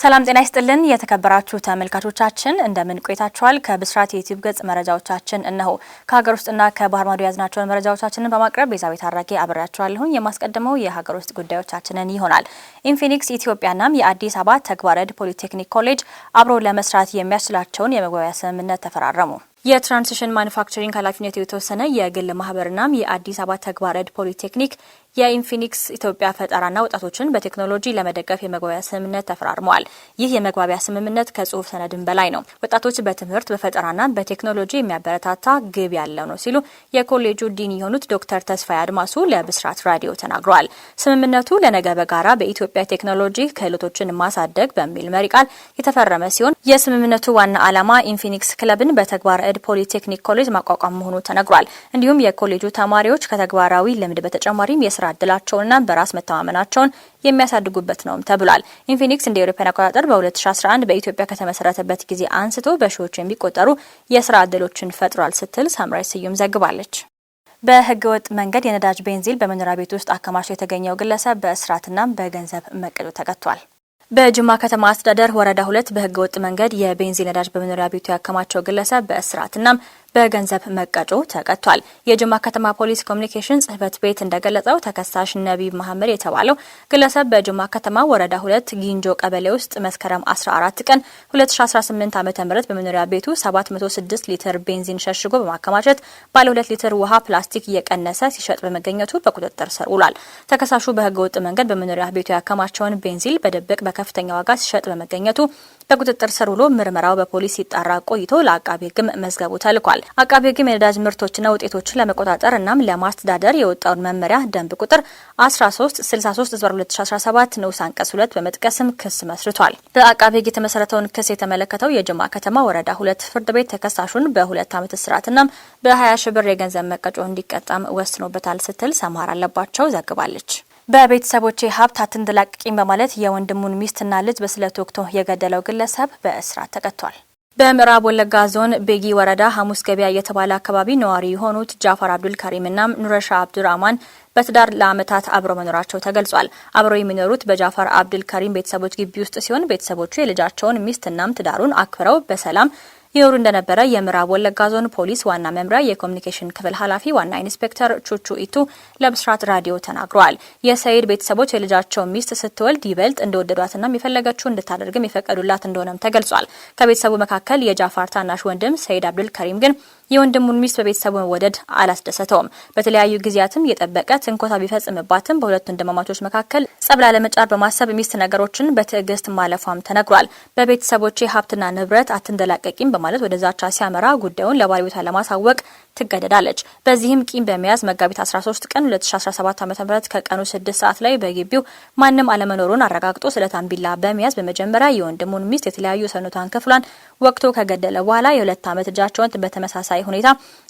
ሰላም ጤና ይስጥልን የተከበራችሁ ተመልካቾቻችን እንደምን ቆይታችኋል? ከብስራት የዩቲዩብ ገጽ መረጃዎቻችን እነሆ። ከሀገር ውስጥና ከባህር ማዶ የያዝናቸውን መረጃዎቻችንን በማቅረብ ቤዛቤት አራጌ አብሬያችኋለሁኝ። የማስቀድመው የሀገር ውስጥ ጉዳዮቻችንን ይሆናል። ኢንፊኒክስ ኢትዮጵያና የአዲስ አበባ ተግባረድ ፖሊቴክኒክ ኮሌጅ አብሮ ለመስራት የሚያስችላቸውን የመግባቢያ ስምምነት ተፈራረሙ። የትራንስሽን ማኑፋክቸሪንግ ኃላፊነት የተወሰነ የግል ማህበርናም የአዲስ አበባ ተግባረድ ፖሊቴክኒክ የኢንፊኒክስ ኢትዮጵያ ፈጠራና ወጣቶችን በቴክኖሎጂ ለመደገፍ የመግባቢያ ስምምነት ተፈራርመዋል። ይህ የመግባቢያ ስምምነት ከጽሁፍ ሰነድን በላይ ነው። ወጣቶች በትምህርት በፈጠራና በቴክኖሎጂ የሚያበረታታ ግብ ያለው ነው ሲሉ የኮሌጁ ዲን የሆኑት ዶክተር ተስፋይ አድማሱ ለብስራት ራዲዮ ተናግረዋል። ስምምነቱ ለነገ በጋራ በኢትዮጵያ ቴክኖሎጂ ክህሎቶችን ማሳደግ በሚል መሪ ቃል የተፈረመ ሲሆን የስምምነቱ ዋና ዓላማ ኢንፊኒክስ ክለብን በተግባር እድ ፖሊቴክኒክ ኮሌጅ ማቋቋም መሆኑ ተነግሯል። እንዲሁም የኮሌጁ ተማሪዎች ከተግባራዊ ልምድ በተጨማሪም የስራ የስራ እድላቸውንና በራስ መተማመናቸውን የሚያሳድጉበት ነውም ተብሏል። ኢንፊኒክስ እንደ ኤሮፓን አቆጣጠር በ2011 በኢትዮጵያ ከተመሰረተበት ጊዜ አንስቶ በሺዎች የሚቆጠሩ የስራ እድሎችን ፈጥሯል ስትል ሳምራይ ስዩም ዘግባለች። በህገ ወጥ መንገድ የነዳጅ ቤንዚል በመኖሪያ ቤት ውስጥ አከማሽ የተገኘው ግለሰብ በእስራትና በገንዘብ መቀጮ ተቀጥቷል። በጅማ ከተማ አስተዳደር ወረዳ ሁለት በህገ ወጥ መንገድ የቤንዚል ነዳጅ በመኖሪያ ቤቱ ያከማቸው ግለሰብ በእስራትናም በገንዘብ መቀጮ ተቀጥቷል። የጅማ ከተማ ፖሊስ ኮሚኒኬሽን ጽህፈት ቤት እንደገለጸው ተከሳሽ ነቢብ መሐመድ የተባለው ግለሰብ በጅማ ከተማ ወረዳ ሁለት ጊንጆ ቀበሌ ውስጥ መስከረም 14 ቀን 2018 ዓ ም በመኖሪያ ቤቱ 706 ሊትር ቤንዚን ሸሽጎ በማከማቸት ባለ 2 ሊትር ውሃ ፕላስቲክ እየቀነሰ ሲሸጥ በመገኘቱ በቁጥጥር ስር ውሏል። ተከሳሹ በህገወጥ መንገድ በመኖሪያ ቤቱ ያከማቸውን ቤንዚል በድብቅ በከፍተኛ ዋጋ ሲሸጥ በመገኘቱ በቁጥጥር ስር ውሎ ምርመራው በፖሊስ ሲጣራ ቆይቶ ለአቃቤ ህግም መዝገቡ ተልኳል። አቃቤ ሕግም የነዳጅ ምርቶችና ውጤቶችን ለመቆጣጠር እናም ለማስተዳደር የወጣውን መመሪያ ደንብ ቁጥር 1363 2017 ንዑስ አንቀጽ 2 በመጥቀስም ክስ መስርቷል። በአቃቢ ሕግ የተመሰረተውን ክስ የተመለከተው የጅማ ከተማ ወረዳ ሁለት ፍርድ ቤት ተከሳሹን በሁለት ዓመት እስራትናም በ20 ሺ ብር የገንዘብ መቀጮ እንዲቀጣም ወስኖበታል ስትል ሰማር አለባቸው ዘግባለች። በቤተሰቦቼ ሀብት አትንደላቅቂኝ በማለት የወንድሙን ሚስትና ልጅ በስለት ወቅቶ የገደለው ግለሰብ በእስራት ተቀጥቷል። በምዕራብ ወለጋ ዞን ቤጊ ወረዳ ሐሙስ ገበያ የተባለ አካባቢ ነዋሪ የሆኑት ጃፋር አብዱል እና ኑረሻ አብዱራማን በትዳር ለዓመታት አብረው መኖራቸው ተገልጿል። አብረው የሚኖሩት በጃፋር አብዱል ከሪም ቤተሰቦች ግቢ ውስጥ ሲሆን ቤተሰቦቹ የልጃቸውን ሚስትናም ትዳሩን አክብረው በሰላም ይወሩ እንደነበረ የምዕራብ ወለጋ ዞን ፖሊስ ዋና መምሪያ የኮሚኒኬሽን ክፍል ኃላፊ ዋና ኢንስፔክተር ቹቹ ኢቱ ለብስራት ራዲዮ ተናግረዋል። የሰይድ ቤተሰቦች የልጃቸው ሚስት ስትወልድ ይበልጥ እንደወደዷትና የፈለገችው እንድታደርግም የፈቀዱላት እንደሆነም ተገልጿል። ከቤተሰቡ መካከል የጃፋር ታናሽ ወንድም ሰይድ አብዱል ከሪም ግን የወንድሙን ሚስት በቤተሰቡ መወደድ አላስደሰተውም። በተለያዩ ጊዜያትም የጠበቀ ትንኮታ ቢፈጽምባትም በሁለቱ ወንድማማቾች መካከል ጸብ ላለመጫር በማሰብ ሚስት ነገሮችን በትዕግስት ማለፏም ተነግሯል። በቤተሰቦቼ ሀብትና ንብረት አትንደላቀቂም በማለት ወደ ዛቻ ሲያመራ ጉዳዩን ለባለቤቷ ለማሳወቅ ትገደዳለች። በዚህም ቂም በመያዝ መጋቢት 13 ቀን 2017 ዓ ም ከቀኑ 6 ሰዓት ላይ በግቢው ማንም አለመኖሩን አረጋግጦ ስለታም ቢላ በመያዝ በመጀመሪያ የወንድሙን ሚስት የተለያዩ ሰውነቷን ክፍሏን ወቅቶ ከገደለ በኋላ የሁለት ዓመት ልጃቸውን በተመሳሳይ ሁኔታ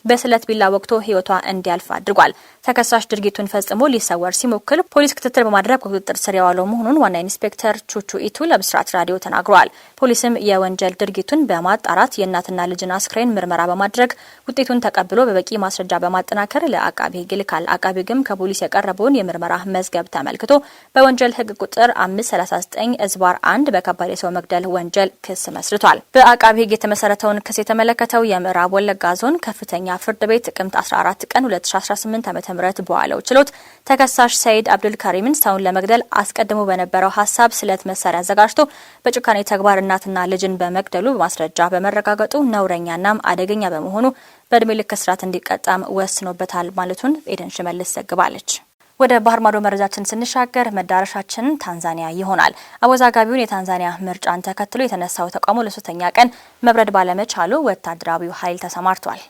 በስለት ቢላ ወቅቶ ህይወቷ እንዲያልፍ አድርጓል። ተከሳሽ ድርጊቱን ፈጽሞ ሊሰወር ሲሞክል ፖሊስ ክትትል በማድረግ ቁጥጥር ስር የዋለው መሆኑን ዋና ኢንስፔክተር ቹቹ ኢቱ ለብስራት ራዲዮ ተናግረዋል። ፖሊስም የወንጀል ድርጊቱን በማጣራት የእናትና ልጅን አስክሬን ምርመራ በማድረግ ውጤቱን ተቀብሎ በበቂ ማስረጃ በማጠናከር ለአቃቢ ህግ ይልካል። አቃቢ ህግም ከፖሊስ የቀረበውን የምርመራ መዝገብ ተመልክቶ በወንጀል ህግ ቁጥር 539 እዝባር 1 በከባድ የሰው መግደል ወንጀል ክስ መስርቷል። በአቃቢ ሕግ የተመሰረተውን ክስ የተመለከተው የምዕራብ ወለጋ ዞን ከፍተኛ ፍርድ ቤት ጥቅምት 14 ቀን 2018 ዓ.ም በዋለው ችሎት ተከሳሽ ሰይድ አብዱል ካሪምን ሰውን ለመግደል አስቀድሞ በነበረው ሀሳብ ስለት መሳሪያ አዘጋጅቶ በጭካኔ ተግባር እናትና ልጅን በመግደሉ በማስረጃ በመረጋገጡ ነውረኛናም አደገኛ በመሆኑ በእድሜ ልክ እስራት እንዲቀጣም ወስኖበታል ማለቱን ኤደን ሽመልስ ዘግባለች። ወደ ባህር ማዶ መረጃችን ስንሻገር መዳረሻችን ታንዛኒያ ይሆናል። አወዛጋቢውን የታንዛኒያ ምርጫን ተከትሎ የተነሳው ተቃውሞ ለሶስተኛ ቀን መብረድ ባለመቻሉ ወታደራዊው ኃይል ተሰማርቷል።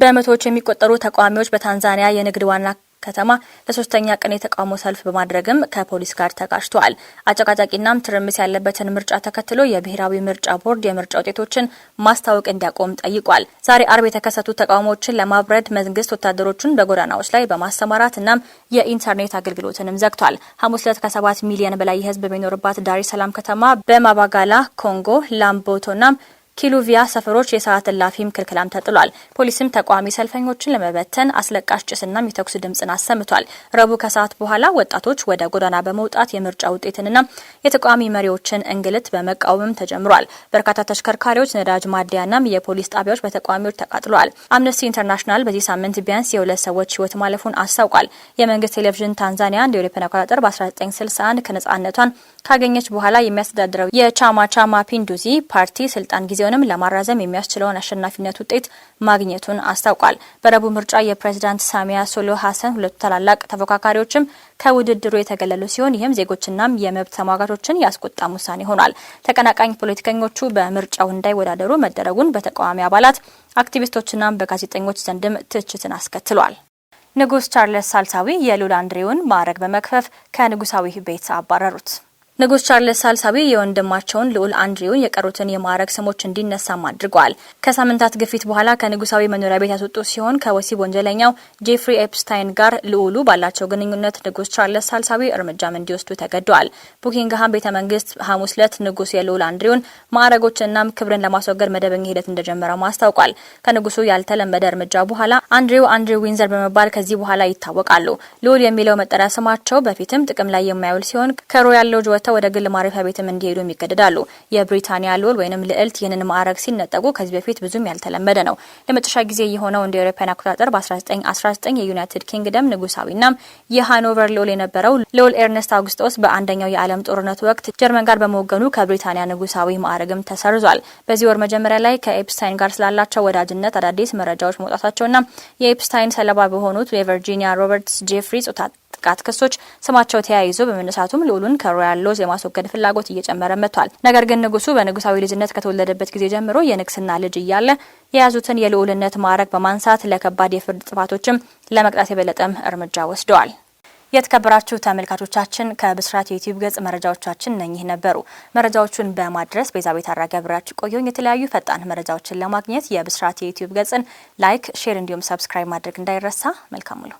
በመቶዎች የሚቆጠሩ ተቃዋሚዎች በታንዛኒያ የንግድ ዋና ከተማ ለሶስተኛ ቀን የተቃውሞ ሰልፍ በማድረግም ከፖሊስ ጋር ተጋጭተዋል። አጨቃጫቂናም ትርምስ ያለበትን ምርጫ ተከትሎ የብሔራዊ ምርጫ ቦርድ የምርጫ ውጤቶችን ማስታወቅ እንዲያቆም ጠይቋል። ዛሬ አርብ የተከሰቱ ተቃውሞዎችን ለማብረድ መንግስት ወታደሮቹን በጎዳናዎች ላይ በማሰማራት እናም የኢንተርኔት አገልግሎትንም ዘግቷል። ሐሙስ ዕለት ከሰባት ሚሊዮን በላይ ህዝብ በሚኖርባት ዳሬ ሰላም ከተማ በማባጋላ ኮንጎ ላምቦቶናም ኪሉቪያ ሰፈሮች የሰዓት እላፊም ክልክላም ተጥሏል። ፖሊስም ተቃዋሚ ሰልፈኞችን ለመበተን አስለቃሽ ጭስናም የተኩስ ድምፅን አሰምቷል። ረቡዕ ከሰዓት በኋላ ወጣቶች ወደ ጎዳና በመውጣት የምርጫ ውጤትንና የተቃዋሚ መሪዎችን እንግልት በመቃወምም ተጀምሯል። በርካታ ተሽከርካሪዎች፣ ነዳጅ ማደያናም የፖሊስ ጣቢያዎች በተቃዋሚዎች ተቃጥለዋል። አምነስቲ ኢንተርናሽናል በዚህ ሳምንት ቢያንስ የሁለት ሰዎች ህይወት ማለፉን አስታውቋል። የመንግስት ቴሌቪዥን ታንዛኒያ እንደ አውሮፓውያን አቆጣጠር በ1961 ከነጻነቷን ካገኘች በኋላ የሚያስተዳድረው የቻማ ቻማ ፒንዱዚ ፓርቲ ስልጣን ጊዜ ጊዜውንም ለማራዘም የሚያስችለውን አሸናፊነት ውጤት ማግኘቱን አስታውቋል። በረቡዕ ምርጫ የፕሬዚዳንት ሳሚያ ሶሎ ሀሰን ሁለቱ ታላላቅ ተፎካካሪዎችም ከውድድሩ የተገለሉ ሲሆን ይህም ዜጎችናም የመብት ተሟጋቾችን ያስቆጣም ውሳኔ ሆኗል። ተቀናቃኝ ፖለቲከኞቹ በምርጫው እንዳይወዳደሩ መደረጉን በተቃዋሚ አባላት አክቲቪስቶችና በጋዜጠኞች ዘንድም ትችትን አስከትሏል። ንጉስ ቻርለስ ሳልሳዊ የሉላ አንድሬውን ማዕረግ በመክፈፍ ከንጉሳዊ ቤት አባረሩት። ንጉስ ቻርልስ ሳልሳዊ የወንድማቸውን ልዑል አንድሪውን የቀሩትን የማዕረግ ስሞች እንዲነሳም አድርገዋል። ከሳምንታት ግፊት በኋላ ከንጉሳዊ መኖሪያ ቤት ያስወጡ ሲሆን ከወሲብ ወንጀለኛው ጄፍሪ ኤፕስታይን ጋር ልዑሉ ባላቸው ግንኙነት ንጉስ ቻርልስ ሳልሳዊ እርምጃም እንዲወስዱ ተገደዋል። ቡኪንግሃም ቤተ መንግስት ሐሙስ ዕለት ንጉስ የልዑል አንድሪውን ማዕረጎችናም ክብርን ለማስወገድ መደበኛ ሂደት እንደጀመረው አስታውቋል። ከንጉሱ ያልተለመደ እርምጃ በኋላ አንድሪው አንድሪው ዊንዘር በመባል ከዚህ በኋላ ይታወቃሉ። ልዑል የሚለው መጠሪያ ስማቸው በፊትም ጥቅም ላይ የማይውል ሲሆን ከሮያል ሎጅ ወጥተው ወደ ግል ማረፊያ ቤትም እንዲሄዱ ይገደዳሉ። የብሪታንያ ልዑል ወይም ልዕልት ይህንን ማዕረግ ሲነጠቁ ከዚህ በፊት ብዙም ያልተለመደ ነው። ለመጨረሻ ጊዜ የሆነው እንደ አውሮፓውያን አቆጣጠር በ1919 የዩናይትድ ኪንግደም ንጉሳዊና የሃኖቨር ልዑል የነበረው ልዑል ኤርነስት አውግስጦስ በአንደኛው የዓለም ጦርነት ወቅት ጀርመን ጋር በመወገኑ ከብሪታንያ ንጉሳዊ ማዕረግም ተሰርዟል። በዚህ ወር መጀመሪያ ላይ ከኤፕስታይን ጋር ስላላቸው ወዳጅነት አዳዲስ መረጃዎች መውጣታቸውና የኤፕስታይን ሰለባ በሆኑት የቨርጂኒያ ሮበርትስ ጄፍሪ ጾታ የጥቃት ክሶች ስማቸው ተያይዞ በመነሳቱም ልዑሉን ከሮያል ሎዝ የማስወገድ ፍላጎት እየጨመረ መጥቷል። ነገር ግን ንጉሱ በንጉሳዊ ልጅነት ከተወለደበት ጊዜ ጀምሮ የንግስና ልጅ እያለ የያዙትን የልዑልነት ማዕረግ በማንሳት ለከባድ የፍርድ ጥፋቶችም ለመቅጣት የበለጠም እርምጃ ወስደዋል። የተከበራችሁ ተመልካቾቻችን ከብስራት የዩቲዩብ ገጽ መረጃዎቻችን እነኚህ ነበሩ። መረጃዎቹን በማድረስ ቤዛቤት አራጋ ብሬያችሁ ቆየሁኝ። የተለያዩ ፈጣን መረጃዎችን ለማግኘት የብስራት የዩቲዩብ ገጽን ላይክ፣ ሼር እንዲሁም ሰብስክራይብ ማድረግ እንዳይረሳ። መልካም ሙሉ